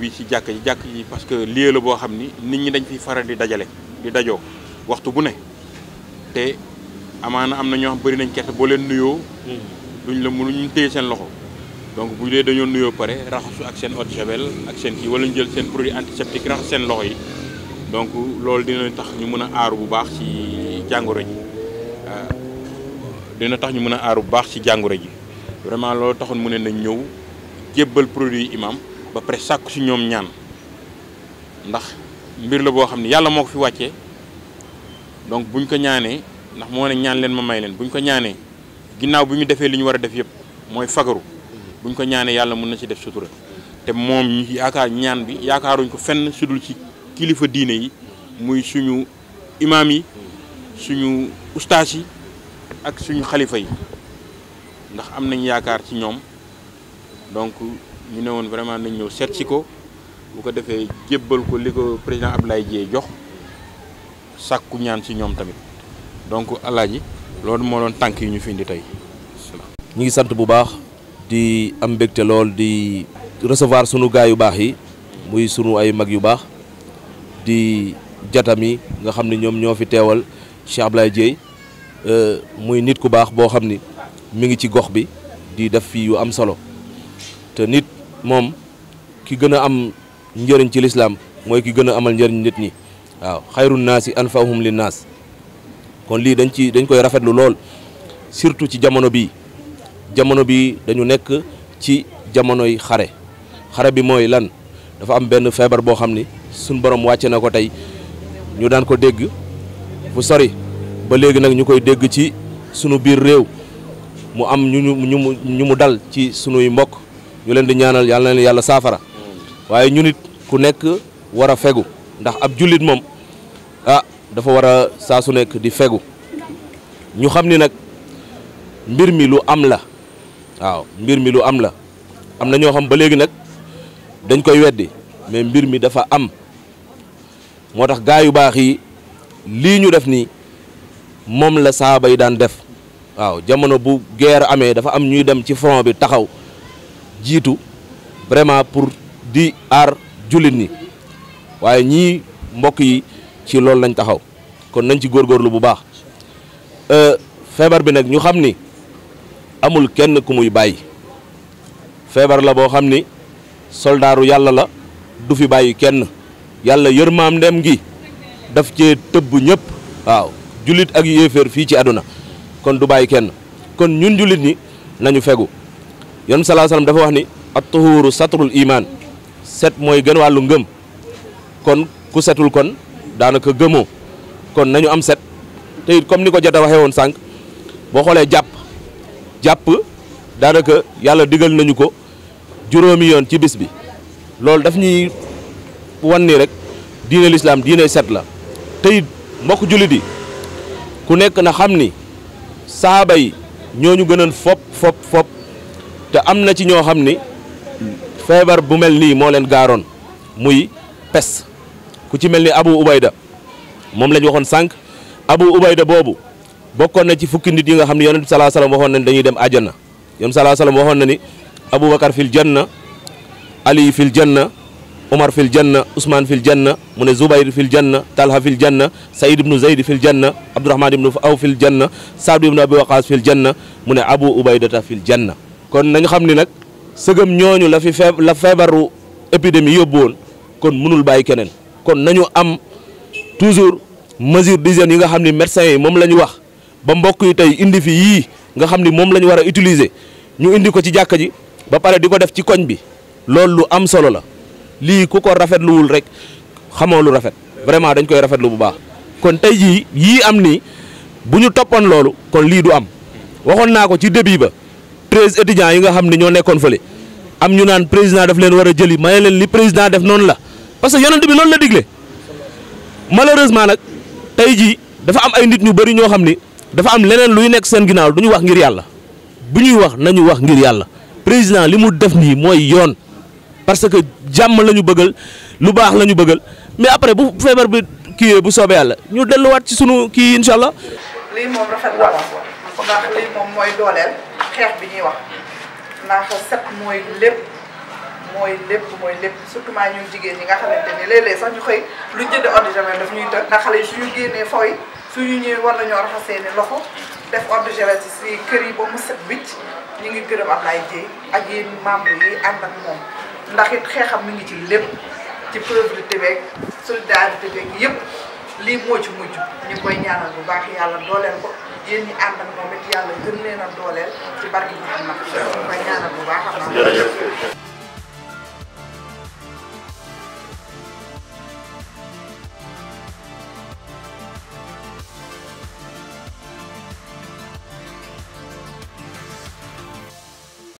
bi ci jàkk ji jàkk ji parce que lieu la boo xam ni nit ñi dañ fiy faral di dajale di dajoo waxtu bu ne te amaana am na ñoo xam bëri nañ kerte boo leen nuyoo duñ la mënuñu téye seen loxo donc bu dee dañoo nuyoo pare raxasu ak seen eau de ak seen kii wala ñu jël seen produit antiseptique raxas seen loxo yi donc loolu dina tax ñu mën a aaru bu baax ci jàngoro ji euh, dina tax ñu mën a aaru bu baax ci jàngoro ji vraiment loolu taxoon mu ne nañ ñëw jébbal ba pare sàkku si ñoom ñaan ndax mbir la boo xam ne yàlla moo ko fi wàccee donc buñ ko ñaanee ndax moo ne ñaan leen ma may leen bu buñ ko ñaanee ginnaaw bu ñu defee li ñu war a def yëpp mooy fagaru buñ ko ñaanee yàlla mun na ci def sutura te moom yaakaar ñaan bi yaakaaruñ ko fenn sudul ci kilifa diine yi muy suñu imaam yi suñu ustaas yi ak suñu xalifa yi ndax am nañ yaakaar ci ñoom donc ñu ne woon vraiment nañ ñëw seet si ko bu ko defee jébbal ko li ko président Abdoulaye Dièye jox sàkku ñaan si ñoom tamit donc alaaji loolu moo doon tànk yi ñu fi indi tey. ñu ngi sant bu baax di am mbégte lool di recevoir sunu gaay yu baax yi muy sunu ay mag yu baax di jatam yi nga xam ne ñoom ñoo fi teewal Cheikh Abdoulaye Dièye euh, muy nit ku baax boo xam ni mi ngi ci gox bi di def fii yu am solo te nit. moom ki gën a am njëriñ ci lislaam mooy ki gën a amal njëriñ nit ñi waaw xayru naasi anfahum li naas kon lii dañ ci dañ koy rafetlu lool surtout ci jamono bii jamono bii dañu nekk ci jamonoy xare xare bi mooy lan dafa am benn feebar boo xam ni suñ borom wàcce na ko tey ñu daan ko dégg bu sori ba léegi nag ñu koy dégg ci sunu biir réew mu am ñu ñu mu dal ci sunuy mbokk ñu leen di ñaanal yàlla na yàlla saafara waaye ñu it ku nekk war a fegu ndax ab jullit moom ah dafa war a saa su nekk di fegu ñu xam ni nag mbir mi lu am la waaw mbir mi lu am la am na ñoo xam ba léegi nag dañ koy weddi mais mbir mi dafa am moo tax gaa yu baax yi lii ñu def nii moom la saaba yi daan def waaw jamono bu guerre amee dafa am ñuy dem ci front bi taxaw jiitu vraiment pour di aar jullit ñi waaye ñii mbokk yi ci loolu lañ taxaw kon nañ ci góorgóorlu bu baax euh, feebar bi nag ñu xam ni amul kenn ku muy bàyyi feebar la boo xam ni soldaaru yàlla la du fi bàyyi kenn yàlla yërmaam ndem gi daf cee tëbb ñëpp waaw jullit ak yéeféer fii ci àdduna kon du bàyyi kenn kon ñun jullit ñi nañu fegu yon salaa salam dafa wax ni at-tuhuru satrul iman set moy gën walu ngëm kon ku setul kon danaka gëmoo kon nañu am set te it comme niko ko waxe won sank bo boo japp japp danaka yalla digal nañu ko juromi yon ci bis bi lol daf ñuy wonni rek diine l'islam diine set la te it mbokk ku nek na xamni sahaba yi ñoñu gënon fop fop fop te amna ci ño xamni ni bu melni mo len leen muy pes ku ci melni ni abu ubayda moom lañ waxon sank abu ubaida bobu bokkoon na ci fukki nit yi nga xamni ne sallallahu alayhi wasallam waxon waxoon na dañuy dem aljanna àjjana sallallahu alayhi wasallam waxon na ni aboubacar fil janna ali fil janna omar fil janna usman fil janna mu zubair fil janna talha fil janna saïd ibn zayd fil janna abdurrahman ibn auf fil janna sa'd ibn abi waqas fil janna mu abu ubaydata fil janna kon nañu xam ni nag sëgëm ñooñu la fi feeb la feebaru épidémie yóbbu woon kon mënul bàyyi keneen kon nañu am toujours mesure d'hygiène yi nga xam ni médecins yi moom la ñu wax ba mbokk yi tey indi fi yii nga xam ni moom lañu ñu war a utiliser ñu indi ko ci jàkka ji ba pare di ko def ci koñ bi loolu lu am solo la lii ku ko rafetluwul rek xamoo lu rafet vraiment dañ koy rafetlu bu baax kon tey jii yii am nii bu ñu toppoon loolu kon lii du am waxoon naa ko ci début ba. treize étudiants yi nga xam ne ñoo nekkoon fële am ñu naan président daf leen war a jëli ma leen li président def noonu la parce que yonent bi loolu la digle malheureusement nag tey jii dafa am ay nit ñu bëri ñoo xam ni dafa am leneen luy nekk seen ginnaaw dañu wax ngir yàlla bu ñuy wax nañu wax ngir yàlla président li mu def nii mooy yoon parce que jàmm la ñu bëggal lu baax la ñu bëggal mais après bu feebar bi kii bu soobee yàlla ñu delluwaat ci sunu kii incha allah. xeex bi ñuy wax ndax set mooy lépp mooy lépp mooy lépp surtout maa ñun jigéen ñi nga xamante ni léeg-léeg sax ñu koy lu jënd eau de daf ñuy tënk ndax xale yi suñu génnee fooy su ñu ñëwee war ñoo raxasee seeni loxo def eau de si ci kër yi ba mu set bicc ñu ngi gërëm Ablaye Dieye ak yéen membre yi am ak moom ndax it xeexam mu ngi ci lépp ci pauvreté beeg solidarité beeg yëpp lii moo ci mujj ni koy ñaanal bu baax yàlla dooleel ko yéen ñi ànd ak moom it yàlla gën leen a dooleel ci barke Muhammad ñu koy ñaanal bu baax a baax